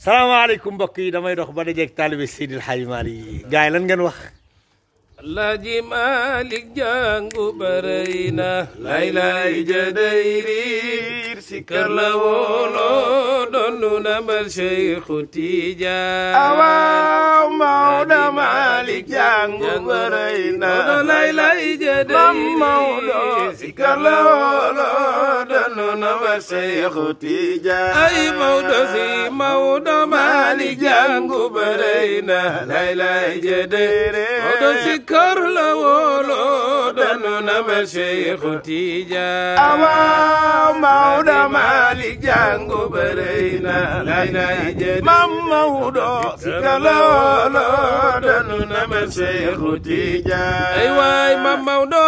salaamaaleykum mbokk yi damay dox ba dajeeg taalibe Seydi El Hadji Malick yi gars yi lan ngeen wax Alaaji Malick jàngu bërëy na lay lay jëday riir si kër la wooloo donnu na mbal Cheikhu Tijaan awaaw Mawda Malick jàngu bërëy na lay lay jëday riir si kër la wooloo wa Seexu Tijaan ay Mawdo si Mawdo Maalik jàngu bërëy na lay lay jëdëre Mawdo si kër la wóoloo danu na ma Seexu Tijaan awaaw Mawdo Maalik jàngu bërëy na lay lay jëdëre mam Mawdo si kër la wóoloo danu na ma Seexu Tijaan ay waay mam Mawdo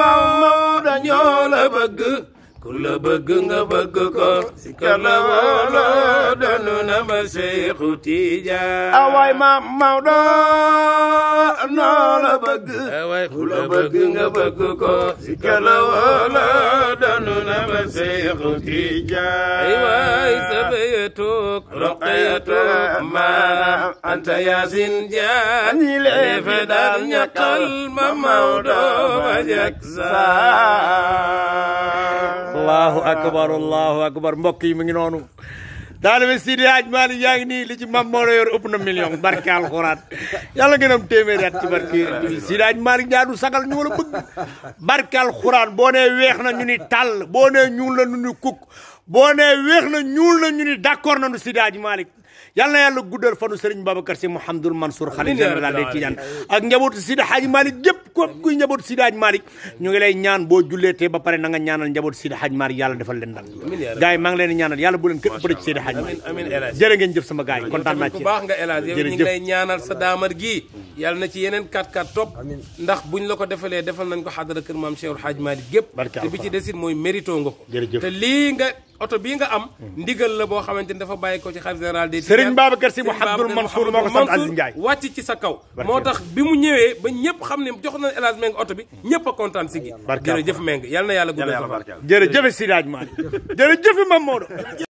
mam Mawdo ñoo la bëgg ku la bëgg nga bëgg ko si kar la woolo doonu na ma Seexu Tijaan awaay ah, maam Maodo noo la bëgg awaay ah, ku la bëgg nga bëgg ko si kar la woolo doonu na ma Seexu Tijaan ay waay sabaya toog roqaya toog maanaam Anta Yaasin Jaan ñi leefe daal ñaqal ma Maodo ba jak saa allahu akbar allahu akbar mbokk yi mu ngi noonu taalibe Sidi Hadj Malick yaa ngi nii li ci mam moo la ëpp na million barke alxuraan yàlla ngeen am téeméeri at ci barke Sidi Hadj Malick ñaa du sagal ñu bëgg barke alxuraan boo ne weex na ñu ni tàll boo nee ñuul ñu ni kuk boo nee weex na ñuul na ñu ni d'accord nañu Sidi yal na yàlla guddal fanu Serigne Babacar Sy Mouhamadoul Mansour xalifa général ak njabootu Sidi Hadj Malick gépp ko kuy njabootu Sidi Hadj Malick ngi lay ñaan boo julleetee ba pare na nga ñaanal njabootu Sidi Hadj Malick yàlla defal leen ndam gars yi maa ngi leen di ñaanal yàlla bu leen kët bëri ci Sidi Hadj Malick jërë ngeen jëf sama gars yi kontaan naa ci baax nga El Hadj gi yàlla na ci yeneen 4-4 topp ndax buñ la ko defalee defal nañ ko xadara kër maam Cheikhul Hadj Malick gépp te bi ci desit mooy mérito nga te lii nga oto bii nga am ndigal la boo xamante ni dafa bàyyi ko ci xalifa général des Serigne Babacar Sy Mouhamadoul Mansour moo ko wàcc ci sa kaw moo tax bi mu ñëwee ba ñëpp xam ne jox na El Hadj Meng oto bi ñëpp kontaan si gi jërëjëf Meng yàlla na yàlla guddal sa fan jërëjëf Sidi Hadj Malick jërëjëf Mame Maodo